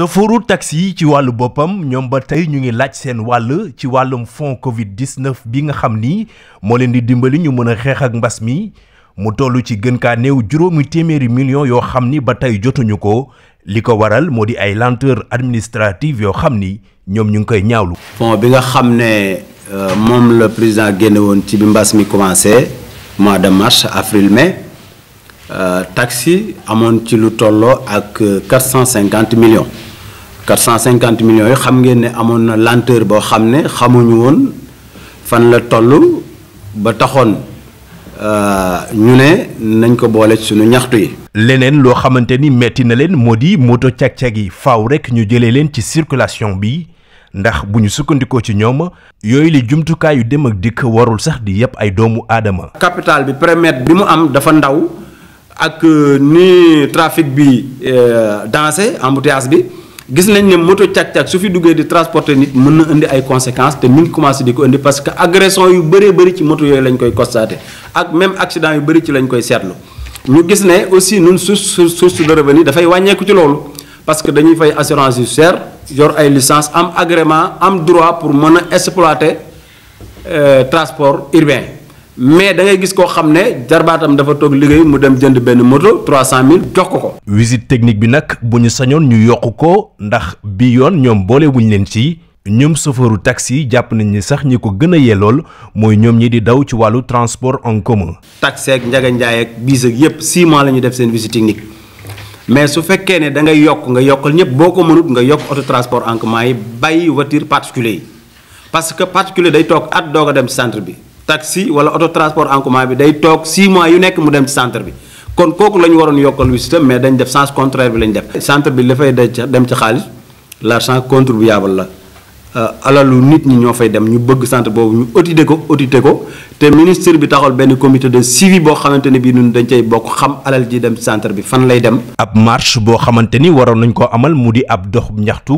sofooru taxi yi ci wàllu boppam ñoom ba tey ñu ngi laaj seen wàll ci wàllum fond Covid 19 bi nga xam ni moo leen di dimbali ñu mën a xeex ak mbas mi mu toll ci gën kaa néew juróomi téeméeri millions yoo xam ni ba tey jotuñu ko li ko waral moo di ay lenteur administrative yoo xam ni ñoom ñu ngi koy ñaawlu. fond bi nga xam ne euh, moom président génne woon ci bi mbas mi commencé mois de mars avril mai euh, taxi amoon ci lu tolloo ak 450 millions. 450 millions yi xam ngeen ne amoon na lenteur boo xam ne xamuñu woon fan la toll ba taxoon euh, ñu ne nañ ko boole ci suñu ñaxtu yi. leneen loo xamante ni metti na leen moo di moto cag-cag yi faaw rekk ñu jëlee leen ci circulation bi ndax bu ñu sukkandikoo ci ñoom yooyu li jumtukaayu yu dem ak dikk warul sax di yëpp ay doomu aadama. capital bi périmètre bi mu am dafa ndaw ak euh, ni trafic bi euh, dansé embouteillage bi. gis nañ ne moto càq tchak su fi duggee di transporter nit mën na indi ay conséquences te mi ngi commencé di ko indi parce que agression yu bëree bëri ci moto yooyu lañ koy constaté ak même accident yu bëri ci lañ koy seetlu ñu gis ne aussi ñun source source de revenu dafay wàññeeku ci loolu parce que dañuy fay assurance yu cher yor ay licence am agrément am droit pour mën a exploiter euh, transport urbain mais da ngay gis koo xam ne jarbaatam dafa toog liggéey mu dem jënd benn moto trois mille jox ko ko. visite technique bi nag bu ñu sañoon ñu yokk ko ndax bi yoon ñoom boole wuñ leen ci ñoom chauffeuru taxi jàpp nañ ni sax ñi ko gën a yelool mooy ñoom ñi di daw ci wàllu transport en commun. taxi ak njaga njaay ak biis ak yépp 6 mois la ñu def seen visite technique mais su fekkee ne da ngay yokk nga yokkal ñëpp boo ko mënut nga yokk auto transport en commun yi bàyyi voiture particulier parce que particulier day toog at doog dem centre bi. taxi wala auto transport en commun bi day toog 6 yu nekk mu dem ci centre bi kon kooku la ñu waroon yokkal wisita mais dañ def sens contraire bi lañ def. centre bi la fay dem ci xaalis l'argent contribuable la euh, alalu nit ñi ñoo fay dem ñu bëgg centre boobu ñu audité ko audité ko te ministre bi taxawal benn comité de suivi boo xamante ne bii ñun dañ cay bokk xam alal ji dem centre bi fan lay dem. ab marche boo xamante ni waroon nañ koo amal mu di ab dox ñaxtu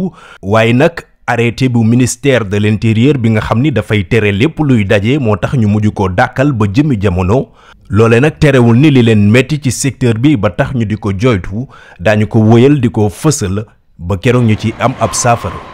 arrêté bu ministère de l'intérieur bi nga xam ni dafay tere lépp luy daje moo tax ñu mujj ko dàkkal ba jëmmi jamono loole nag terewul ni li leen metti ci secteur bi ba tax ñu di ko jooytu daañu ko wóyal di ko fësal ba keroog ñu ci am ab saafara